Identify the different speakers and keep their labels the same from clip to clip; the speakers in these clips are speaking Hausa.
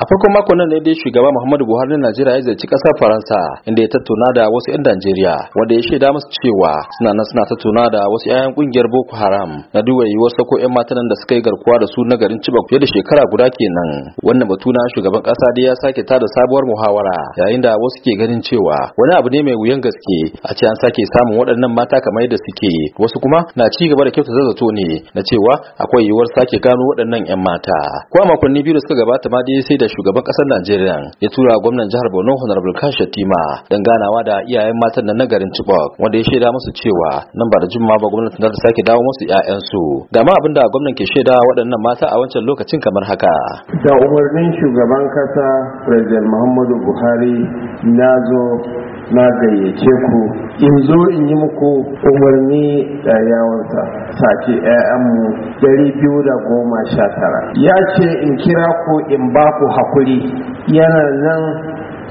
Speaker 1: a farkon mako nan ne dai shugaba muhammadu buhari na najeriya ya ziyarci kasar faransa inda ya tattauna da wasu 'yan najeriya wanda ya shaida musu cewa suna nan suna tattauna da wasu 'ya'yan kungiyar boko haram na duba yiwuwar sako 'yan mata matan da suka yi garkuwa da su na garin cibak fiye da shekara guda kenan wannan batu na shugaban kasa dai ya sake tada sabuwar muhawara yayin da wasu ke ganin cewa wani abu ne mai wuyan gaske a ce an sake samun waɗannan mata kamar yadda suke wasu kuma na ci gaba da kyautata zato ne na cewa akwai yiwuwar sake gano waɗannan 'yan mata ko makonni biyu da suka gabata ma dai sai da da shugaban kasar Najeriya ya tura gwamnan jihar Borno Honorable Kashi Tima don ganawa da iyayen matan nan na garin Chibok wanda ya shaida musu cewa nan ba da jumma ba gwamnatin za ta sake dawo musu su Ga ma abinda gwamnan ke shaida waɗannan mata a wancan lokacin kamar haka.
Speaker 2: Da umarnin shugaban kasa President Muhammadu Buhari na zo na gayyace ku in zo in yi muku umarni da yawansa sace 'ya'yanmu dari biyu da goma sha tara ya ce in kira ku in ba ku hakuri yana nan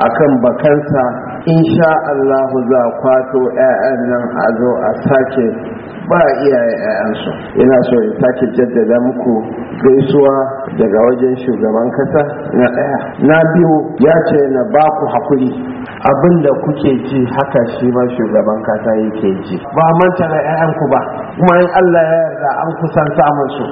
Speaker 2: akan bakansa insha Allahu za kwato 'ya'yan nan a zo a sake ba iyaye 'ya'yansu ina so in sake jaddada muku gaisuwa daga wajen shugaban kasa na ɗaya na biyu ya ce na ba ku haƙuri abin da kuke ji haka shi ma shugaban kasa yake ji ba manta da 'ya'yanku ba kuma in Allah ya yarda an kusan samun su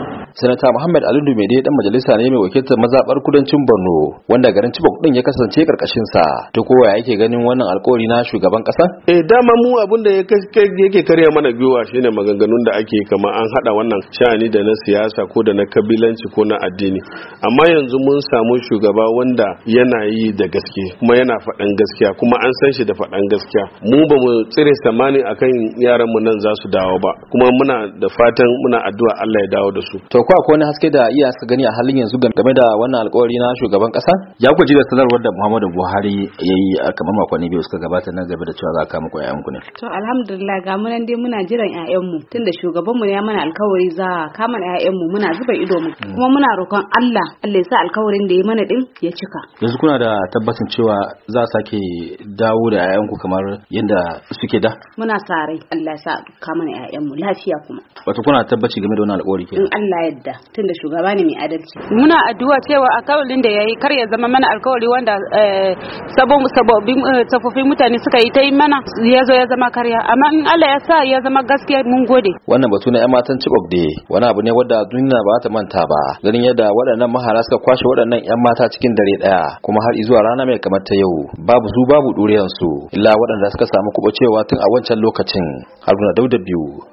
Speaker 1: sanata muhammad alidu mede dan majalisa ne mai wakiltar mazabar kudancin borno wanda garin cibok din ya kasance karkashin sa to kowa yake ganin wannan alƙawari na shugaban kasa
Speaker 2: eh dama mu abun da yake karya mana biyuwa shine maganganun da ake kama an hada wannan shani da na siyasa ko da na kabilanci ko na addini amma yanzu mun samu shugaba wanda yana yi da gaske kuma yana faɗan gaskiya kuma an san shi da faɗan gaskiya mu ba mu tsire samani akan yaran mu nan za su dawo ba kuma muna da fatan muna addu'a Allah ya dawo da su to ko akwai wani haske da iya su gani a halin yanzu game da wannan alƙawari na shugaban
Speaker 1: ƙasa ya guji da sanarwar da Muhammadu Buhari yayi yi kamar makonni biyu suka gabata nan game da cewa za ka muku ƴaƴanku ne
Speaker 3: to alhamdulillah ga mu nan dai muna jiran ƴaƴanmu tunda shugaban mu ya mana alƙawari za ka mana mu muna zuba ido mu hmm. kuma muna roƙon Allah Allah ya sa alƙawarin da ya mana din ya cika
Speaker 1: yanzu kuna da tabbacin cewa za a sake dawo da ku kamar yadda suke da
Speaker 3: muna sa rai Allah ya sa ka mana lafiya lafiya kuma
Speaker 1: wato kuna tabbaci game da
Speaker 3: wannan alƙawari kenan in Allah yadda tunda shugaba ne mai adalci muna addu'a cewa alƙawarin da yayi kar ya zama mana alƙawari wanda eh, sabon sabobin eh, tafofin mutane suka yi ta yi mana ya zo ya zama karya amma in Allah ya sa ya zama gaskiya mun gode
Speaker 1: wannan batu na 'yan matan Chibok dai wani abu ne wanda duniya ba ta manta ba ganin yadda waɗannan mahara suka kwashe waɗannan 'yan mata cikin dare ɗaya kuma har zuwa rana mai kamar ta yau babu su babu su, illa waɗanda suka samu kuɓa cewa tun a wancan lokacin haruna dauda biyu